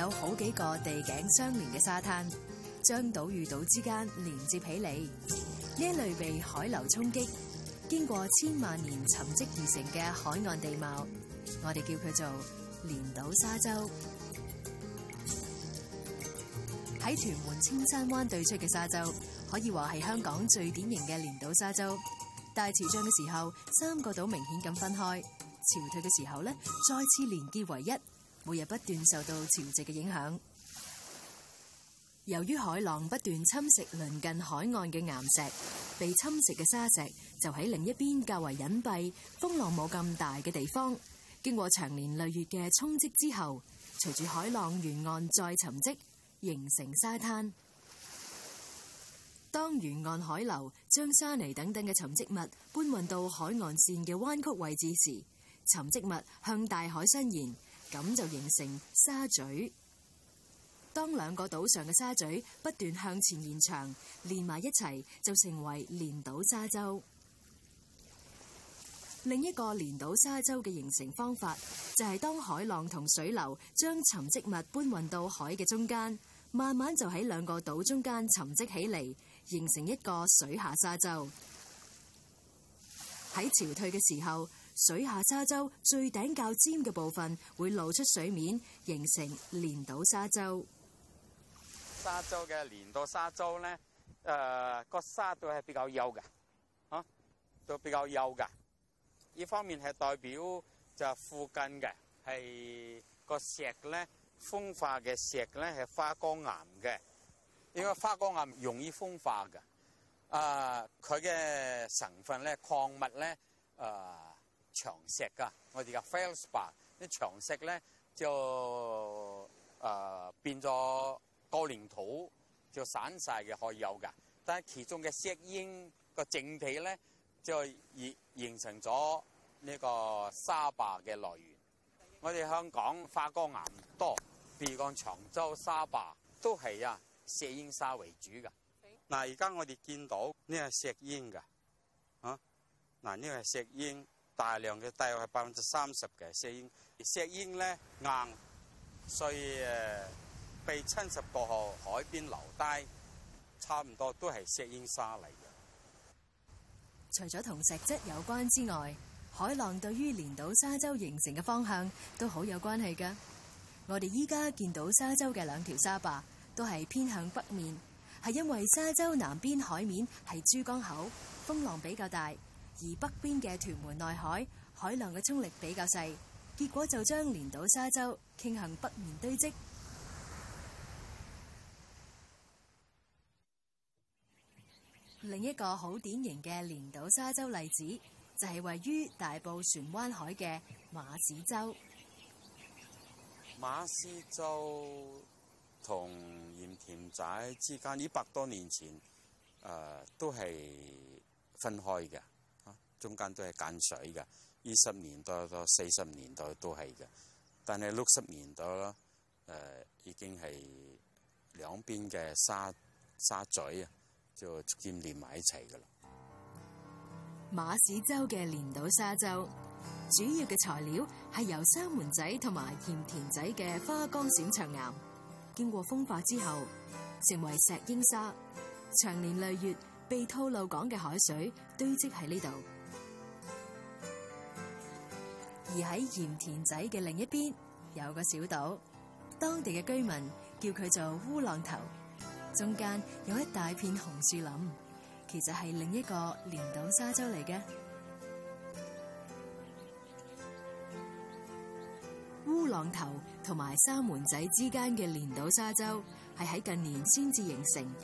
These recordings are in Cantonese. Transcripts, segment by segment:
有好幾個地頸相連嘅沙灘，將島與島之間連接起嚟。呢一類被海流沖擊、經過千萬年沉積而成嘅海岸地貌，我哋叫佢做連島沙洲。喺屯門青山灣對出嘅沙洲，可以話係香港最典型嘅連島沙洲。大潮漲嘅時候，三個島明顯咁分開；潮退嘅時候咧，再次連接為一。每日不斷受到潮汐嘅影響，由於海浪不斷侵蝕鄰近海岸嘅岩石，被侵蝕嘅沙石就喺另一邊較為隱蔽、風浪冇咁大嘅地方。經過長年累月嘅沖積之後，隨住海浪沿岸再沉積，形成沙灘。當沿岸海流將沙泥等等嘅沉積物搬運到海岸綫嘅彎曲位置時，沉積物向大海伸延。咁就形成沙嘴。當兩個島上嘅沙嘴不斷向前延長，連埋一齊就成為連島沙洲。另一個連島沙洲嘅形成方法就係當海浪同水流將沉積物搬運到海嘅中間，慢慢就喺兩個島中間沉積起嚟，形成一個水下沙洲。喺潮退嘅時候。水下沙洲最頂較尖嘅部分會露出水面，形成連島沙洲。沙洲嘅連島沙洲咧，誒、呃、個沙都係比較幼噶，啊都比較幼噶。呢方面係代表就附近嘅係個石咧風化嘅石咧係花崗岩嘅，因為花崗岩容易風化噶。啊、呃，佢嘅成分咧礦物咧誒。呃長石噶，我哋嘅 feldspar 呢啲長石咧，就誒、呃、變咗個黏土，就散晒嘅可以有嘅，但係其中嘅石英個整體咧，就形形成咗呢個沙壩嘅來源。嗯、我哋香港花崗岩多，譬如講長洲沙壩都係啊石英沙為主嘅。嗱、嗯，而家我哋見到呢係石英嘅，啊，嗱呢個係石英。大量嘅大概係百分之三十嘅石英，而石英咧硬，所以誒被侵蝕過後，海邊留低差唔多都係石英沙嚟嘅。除咗同石質有關之外，海浪對於連島沙洲形成嘅方向都好有關係噶。我哋依家見到沙洲嘅兩條沙壩都係偏向北面，係因為沙洲南邊海面係珠江口，風浪比較大。而北邊嘅屯門內海，海浪嘅衝力比較細，結果就將連島沙洲傾向北面堆積。另一個好典型嘅連島沙洲例子，就係、是、位於大埔船灣海嘅馬屎洲。馬屎洲同鹽田仔之間，一百多年前誒、呃、都係分開嘅。中間都係間水嘅，二十年代到四十年代都係嘅，但係六十年代誒已經係兩邊嘅沙沙咀啊，就逐漸連埋一齊嘅啦。馬屎洲嘅連島沙洲主要嘅材料係由三門仔同埋鹽田仔嘅花崗閃長岩經過風化之後成為石英砂，長年累月被吐露港嘅海水堆積喺呢度。而喺鹽田仔嘅另一邊有個小島，當地嘅居民叫佢做烏浪頭，中間有一大片紅樹林，其實係另一個連島沙洲嚟嘅。烏浪頭同埋三門仔之間嘅連島沙洲係喺近年先至形成，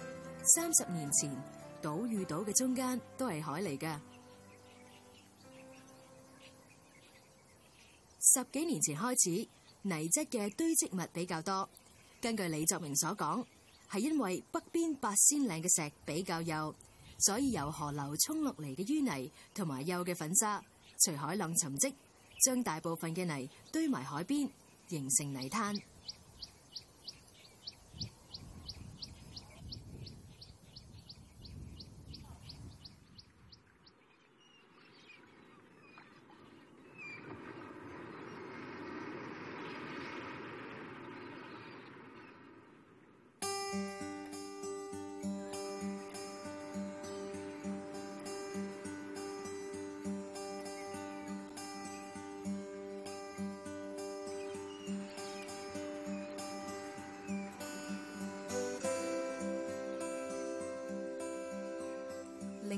三十年前島與島嘅中間都係海嚟嘅。十幾年前開始，泥質嘅堆積物比較多。根據李作明所講，係因為北邊八仙嶺嘅石比較幼，所以由河流沖落嚟嘅淤泥同埋幼嘅粉砂隨海浪沉積，將大部分嘅泥堆埋海邊，形成泥灘。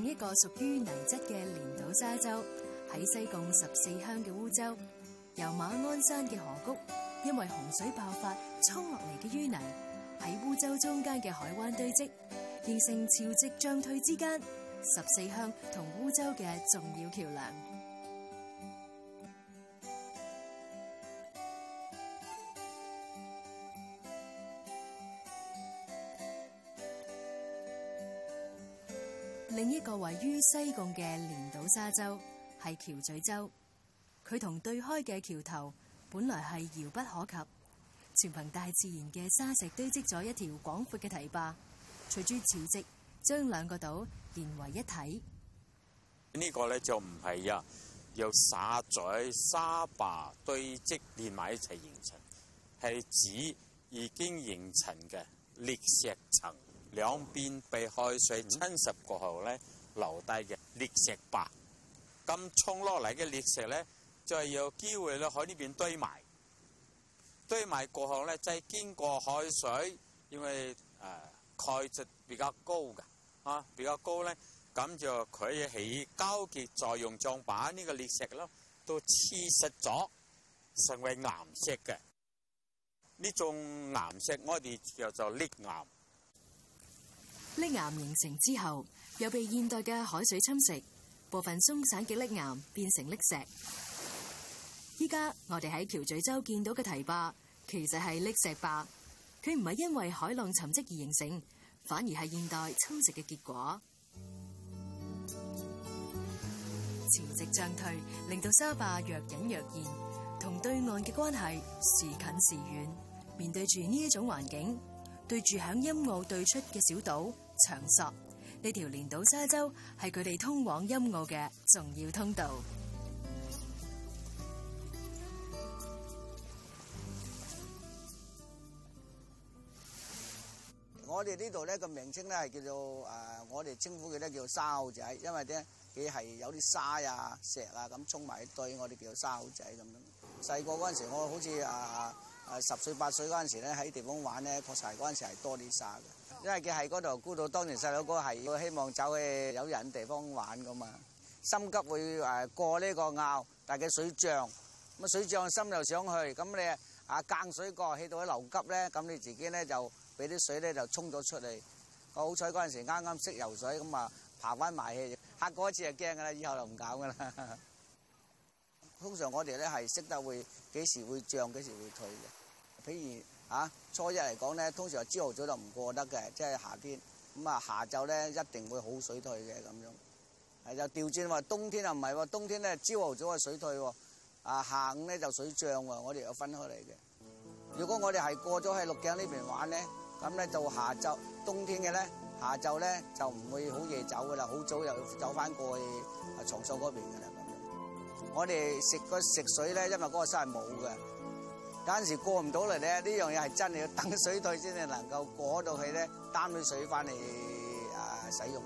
另一個屬於泥質嘅連島沙洲，喺西貢十四鄉嘅烏洲，由馬鞍山嘅河谷，因為洪水爆發沖落嚟嘅淤泥，喺烏洲中間嘅海灣堆積，形成潮汐漲退之間，十四鄉同烏洲嘅重要橋樑。另一個位於西貢嘅連島沙洲係橋咀洲，佢同對開嘅橋頭本來係遙不可及，全憑大自然嘅沙石堆積咗一條廣闊嘅堤壩，隨住潮汐將兩個島連為一體。呢個咧就唔係啊，由沙咀沙壩堆積連埋一齊形成，係指已經形成嘅裂石層。兩邊被海水侵蝕過後咧，嗯、留低嘅礫石白咁沖落嚟嘅礫石咧，就係有機會咧喺呢邊堆埋，堆埋過後咧，再經過海水，因為誒鈣質比較高嘅，啊比較高咧，咁就可以起膠結作用，將把呢個礫石咯都黐蝕咗，成為岩石嘅呢種岩石，我哋叫做礫岩。礫岩形成之後，又被現代嘅海水侵蝕，部分鬆散嘅礫岩變成礫石。依家我哋喺橋咀洲見到嘅堤壩，其實係礫石壩，佢唔係因為海浪沉積而形成，反而係現代侵蝕嘅結果。潮汐漲退令到沙壩若隱若現，同對岸嘅關係時近時遠。面對住呢一種環境，對住響陰澳對出嘅小島。長索，呢條蓮島沙洲係佢哋通往陰澳嘅重要通道。我哋呢度咧個名稱咧係叫做誒，我哋稱呼佢咧叫沙澳仔，因為咧佢係有啲沙呀、石啊咁沖埋一堆，我哋叫做沙澳仔咁樣。細個嗰陣時，我好似誒誒十歲八歲嗰陣時咧喺地方玩咧，確實係嗰陣時係多啲沙嘅。因為佢喺嗰度估到，當年細佬哥係要希望走去有人地方玩㗎嘛，心急會誒過呢個坳，但係佢水漲，咁水漲深又上去，咁你啊間水過去到啲流急咧，咁你自己咧就畀啲水咧就沖咗出嚟。好彩嗰陣時啱啱識游水，咁啊爬返埋去，嚇過一次就驚㗎喇，以後就唔搞㗎喇。通常我哋咧係識得會幾時會漲，幾時會退嘅。譬如～嚇、啊，初一嚟講咧，通常朝頭早，早就唔過得嘅，即係夏天。咁啊。下晝咧一定會好水退嘅咁樣，係就調轉喎。冬天又唔係喎，冬天咧朝頭早係水退喎，啊下午咧就水漲喎。我哋有分開嚟嘅。如果我哋係過咗喺鹿頸呢邊玩咧，咁咧到下晝冬天嘅咧，下晝咧就唔會好夜走噶啦，好早又走翻過去藏秀嗰邊噶啦。我哋食個食水咧，因為嗰個山係冇嘅。有陣時過唔到嚟呢，呢樣嘢係真係要等水退先至能夠過到去呢。擔啲水返嚟啊，使用。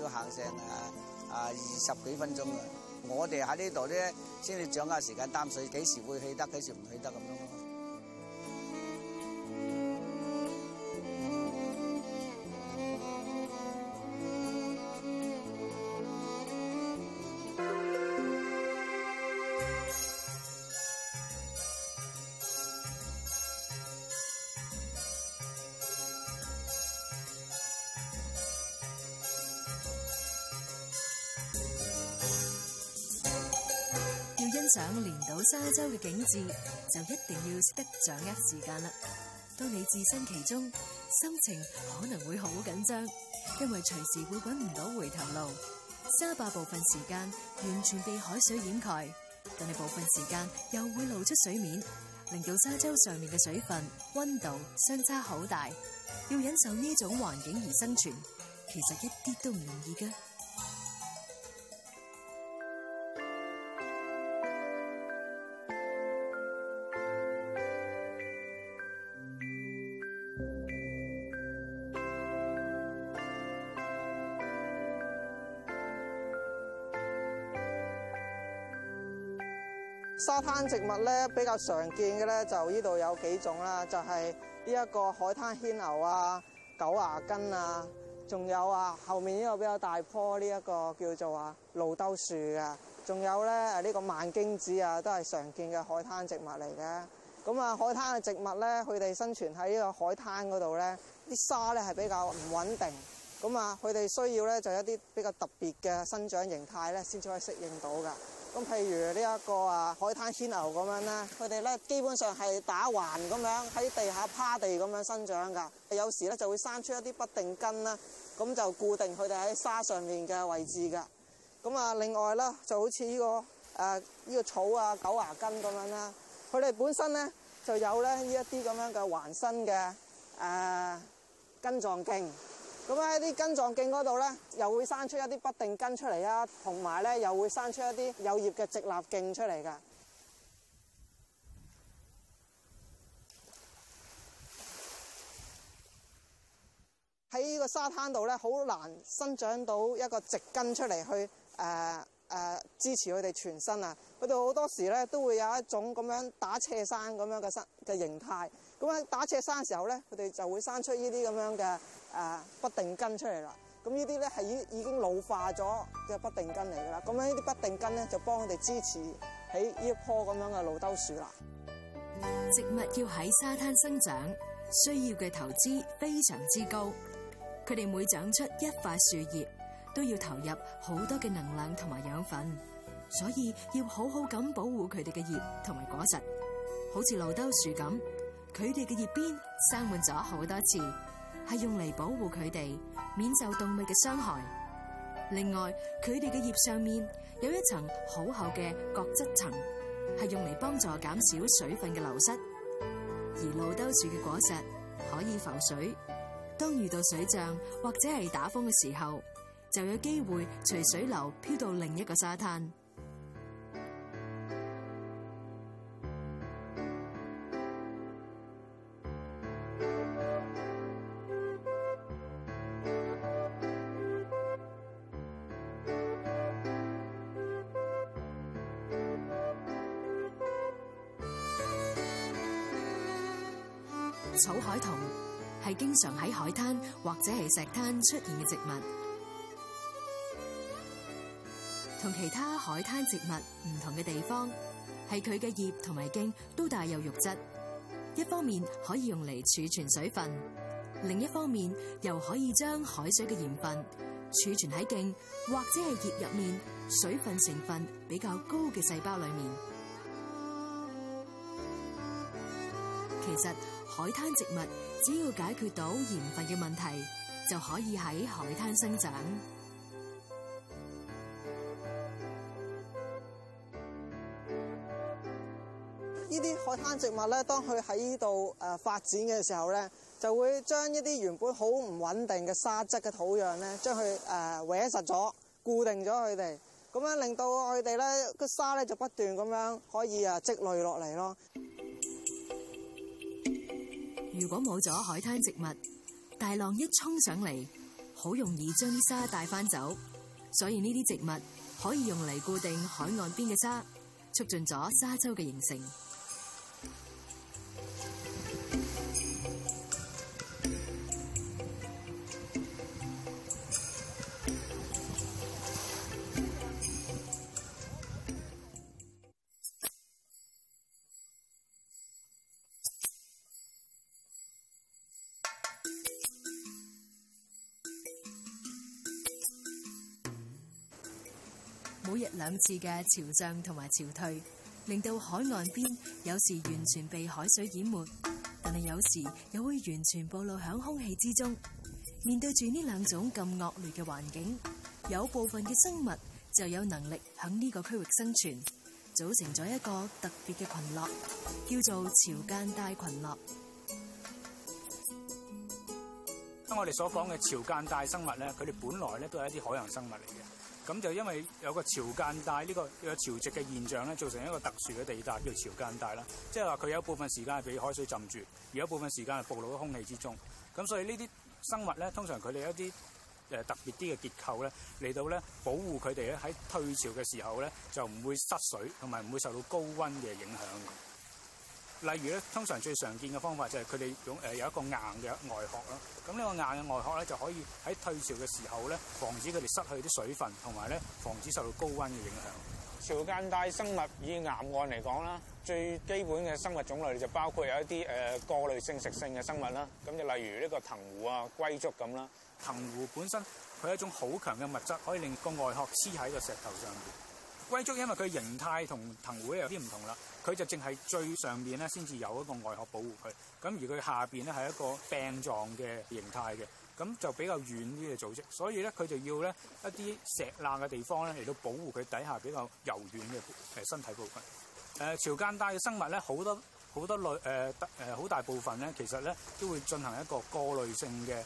要行成啊二十幾分鐘，我哋喺呢度呢，先至掌握時間，擔水幾時會去得，幾時唔去得咁樣。到沙洲嘅景致，就一定要識得掌握時間啦。當你置身其中，心情可能會好緊張，因為隨時會搵唔到回頭路。沙壩部分時間完全被海水掩蓋，但係部分時間又會露出水面，令到沙洲上面嘅水分、溫度相差好大。要忍受呢種環境而生存，其實一啲都唔容易噶。沙灘植物咧比較常見嘅咧就呢度有幾種啦，就係呢一個海灘牽牛啊、九牙根啊，仲有啊後面呢個比較大棵呢一個叫做啊露兜樹啊，仲有咧呢個蔓荊子啊，都係常見嘅海灘植物嚟嘅。咁啊，海灘嘅植物咧，佢哋生存喺呢個海灘嗰度咧，啲沙咧係比較唔穩定，咁啊佢哋需要咧就一啲比較特別嘅生長形態咧，先至可以適應到噶。咁譬如呢一個啊，海灘牽牛咁樣啦，佢哋咧基本上係打橫咁樣喺地下趴地咁樣生長噶，有時咧就會生出一啲不定根啦，咁就固定佢哋喺沙上面嘅位置噶。咁啊，另外啦，就好似呢、這個誒呢、呃這個草啊，狗牙根咁樣啦，佢哋本身咧就有咧呢一啲咁樣嘅橫身嘅誒、呃、根狀莖。咁喺啲根狀莖嗰度呢，又會生出一啲不定根出嚟啊。同埋呢又會生出一啲有葉嘅直立莖出嚟嘅。喺呢個沙灘度呢，好難生長到一個直根出嚟去，呃呃、支持佢哋全身呀。佢哋好多時呢，都會有一種咁樣打斜山咁樣嘅形態。咁喺打斜山嘅時候咧，佢哋就會生出呢啲咁樣嘅。誒、啊，不定根出嚟啦，咁呢啲咧係已已經老化咗嘅不定根嚟噶啦，咁樣呢啲不定根咧就幫佢哋支持喺呢一棵咁樣嘅露兜樹啦。植物要喺沙灘生長，需要嘅投資非常之高，佢哋每長出一塊樹葉都要投入好多嘅能量同埋養分，所以要好好咁保護佢哋嘅葉同埋果實，好似露兜樹咁，佢哋嘅葉邊生滿咗好多刺。係用嚟保護佢哋免受動物嘅傷害。另外，佢哋嘅葉上面有一層好厚嘅角質層，係用嚟幫助減少水分嘅流失。而露兜樹嘅果實可以浮水，當遇到水漲或者係打風嘅時候，就有機會隨水流飄到另一個沙灘。經常喺海灘或者係石灘出現嘅植物，同其他海灘植物唔同嘅地方係佢嘅葉同埋莖都帶有肉質，一方面可以用嚟儲存水分，另一方面又可以將海水嘅鹽分儲存喺莖或者係葉入面，水分成分比較高嘅細胞裏面。其實。海灘植物只要解決到鹽分嘅問題，就可以喺海灘生長。呢啲海灘植物咧，當佢喺度誒發展嘅時候咧，就會將一啲原本好唔穩定嘅沙質嘅土壤咧，將佢誒搲實咗，固定咗佢哋，咁樣令到佢哋咧個沙咧就不斷咁樣可以啊積累落嚟咯。如果冇咗海灘植物，大浪一沖上嚟，好容易將沙帶翻走。所以呢啲植物可以用嚟固定海岸邊嘅沙，促進咗沙洲嘅形成。次嘅潮漲同埋潮退，令到海岸邊有時完全被海水淹沒，但係有時又會完全暴露響空氣之中。面對住呢兩種咁惡劣嘅環境，有部分嘅生物就有能力響呢個區域生存，組成咗一個特別嘅群落，叫做潮間帶群落。咁我哋所講嘅潮間帶生物咧，佢哋本來咧都係一啲海洋生物嚟嘅。咁就因為有個潮間帶呢、呢個有潮汐嘅現象咧，造成一個特殊嘅地帶叫做潮間帶啦。即係話佢有部分時間係被海水浸住，而有部分時間係暴露喺空氣之中。咁所以呢啲生物咧，通常佢哋一啲誒特別啲嘅結構咧，嚟到咧保護佢哋咧喺退潮嘅時候咧，就唔會失水，同埋唔會受到高温嘅影響。例如咧，通常最常見嘅方法就係佢哋用誒有一個硬嘅外殼啦。咁呢個硬嘅外殼咧就可以喺退潮嘅時候咧，防止佢哋失去啲水分，同埋咧防止受到高温嘅影響。潮間帶生物以岩岸嚟講啦，最基本嘅生物種類就包括有一啲誒、呃、過濾性食性嘅生物啦。咁、嗯、就例如呢個藤壺啊、龜足咁啦。藤壺本身佢係一種好強嘅物質，可以令個外殼黐喺個石頭上面。龜足，因為佢形態同藤壺有啲唔同啦。佢就淨係最上邊咧，先至有一個外殼保護佢。咁而佢下邊咧係一個病狀嘅形態嘅，咁就比較軟啲嘅組織。所以咧，佢就要咧一啲石罅嘅地方咧嚟到保護佢底下比較柔軟嘅誒身體部分。誒，潮間帶嘅生物咧，好多好多類誒誒，好、呃、呃、大部分咧，其實咧都會進行一個過濾性嘅誒、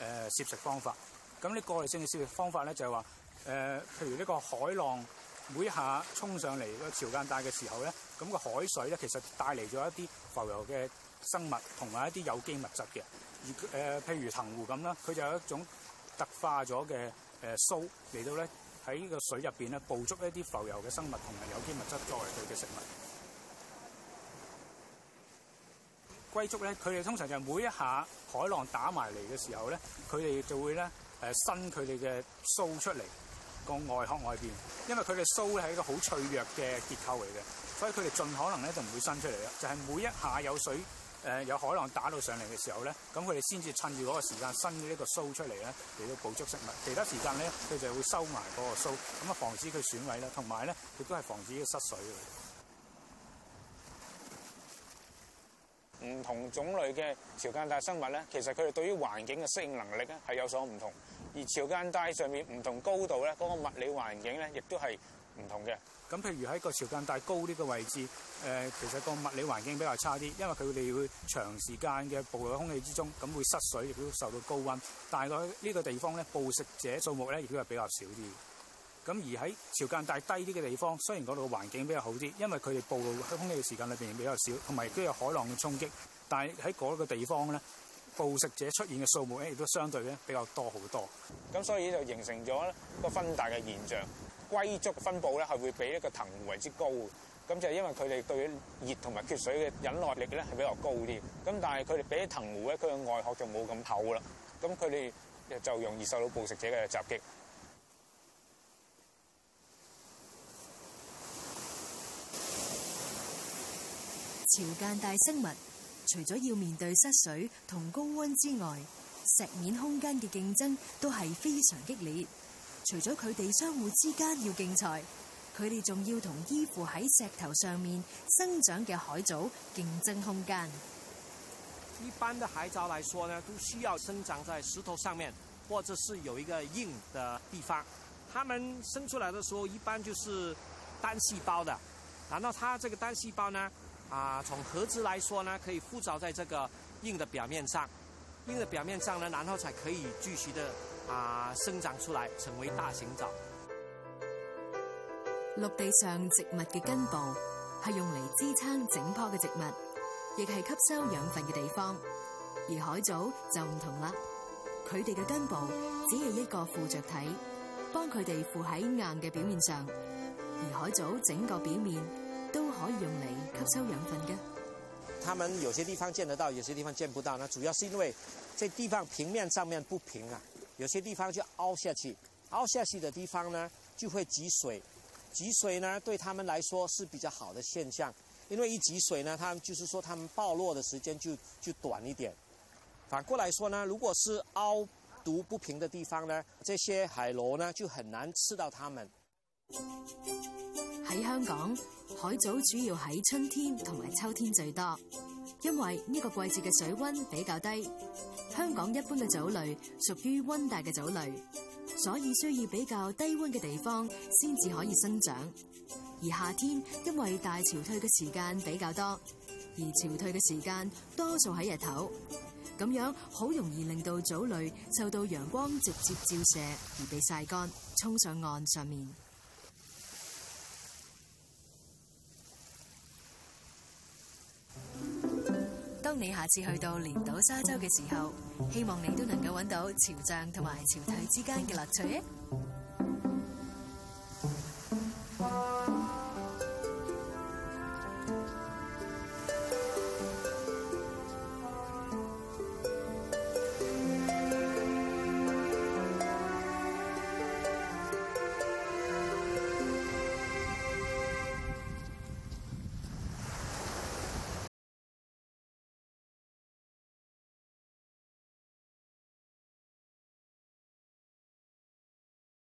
呃、攝食方法。咁呢過濾性嘅攝食方法咧就係話，誒，譬如呢個海浪。每一下沖上嚟個潮間帶嘅時候咧，咁個海水咧其實帶嚟咗一啲浮游嘅生物同埋一啲有機物質嘅，誒、呃、譬如藤壺咁啦，佢就有一種特化咗嘅誒須嚟到咧喺呢個水入邊咧捕捉一啲浮游嘅生物同埋有機物質作為佢嘅食物。龜足咧，佢哋通常就每一下海浪打埋嚟嘅時候咧，佢哋就會咧誒、呃、伸佢哋嘅須出嚟。個外殼外邊，因為佢哋鰓係一個好脆弱嘅結構嚟嘅，所以佢哋盡可能咧就唔會伸出嚟咯。就係、是、每一下有水誒、呃、有海浪打到上嚟嘅時候咧，咁佢哋先至趁住嗰個時間伸呢個鰓出嚟咧，嚟到捕捉食物。其他時間咧，佢就會收埋嗰個鰓，咁啊防止佢損毀啦，同埋咧亦都係防止佢失水。唔同種類嘅潮間帶生物咧，其實佢哋對於環境嘅適應能力咧係有所唔同。而潮間帶上面唔同高度咧，嗰、那個物理環境咧，亦都係唔同嘅。咁譬如喺個潮間帶高啲嘅位置，誒、呃，其實個物理環境比較差啲，因為佢哋會長時間嘅暴露喺空氣之中，咁會失水，亦都受到高溫。但係喺呢個地方咧，捕食者數目咧亦都係比較少啲。咁而喺潮間帶低啲嘅地方，雖然嗰度環境比較好啲，因為佢哋暴露喺空氣嘅時間裏邊比較少，同埋都有海浪嘅衝擊，但係喺嗰個地方咧。捕食者出現嘅數目咧，亦都相對咧比較多好多。咁所以就形成咗一個分大嘅現象。龜足分佈咧，係會比一個藤壺為之高嘅。咁就因為佢哋對熱同埋缺水嘅忍耐力咧係比較高啲。咁但係佢哋比起藤壺咧，佢嘅外殼就冇咁厚啦。咁佢哋就容易受到捕食者嘅襲擊。潮間帶生物。除咗要面對失水同高溫之外，石面空間嘅競爭都係非常激烈。除咗佢哋相互之間要競賽，佢哋仲要同依附喺石頭上面生長嘅海藻競爭空間。一般嘅海藻來說呢，都需要生長在石頭上面，或者是有一個硬的地方。它們生出來嘅時候，一般就是單細胞的。然後它這個單細胞呢？啊，從合子來說呢，可以附着在這個硬的表面上，硬的表面上呢，然後才可以繼續的啊生長出來，成為大型藻。陸地上植物嘅根部係用嚟支撐整棵嘅植物，亦係吸收養分嘅地方。而海藻就唔同啦，佢哋嘅根部只係一個附着體，幫佢哋附喺硬嘅表面上。而海藻整個表面。可以用嚟吸收養分的。他們有些地方見得到，有些地方見不到。那主要是因為這地方平面上面不平啊，有些地方就凹下去，凹下去的地方呢就會積水，積水呢對他們來說是比較好的現象，因為一積水呢，他們就是說他們暴露的時間就就短一點。反過來說呢，如果是凹凸不平的地方呢，這些海螺呢就很難吃到它們。喺香港，海藻主要喺春天同埋秋天最多，因為呢個季節嘅水溫比較低。香港一般嘅藻類屬於溫帶嘅藻類，所以需要比較低溫嘅地方先至可以生長。而夏天，因為大潮退嘅時間比較多，而潮退嘅時間多數喺日頭，咁樣好容易令到藻類受到陽光直接照射而被曬乾，沖上岸上面。當你下次去到連島沙洲嘅時候，希望你都能夠揾到潮漲同埋潮退之間嘅樂趣。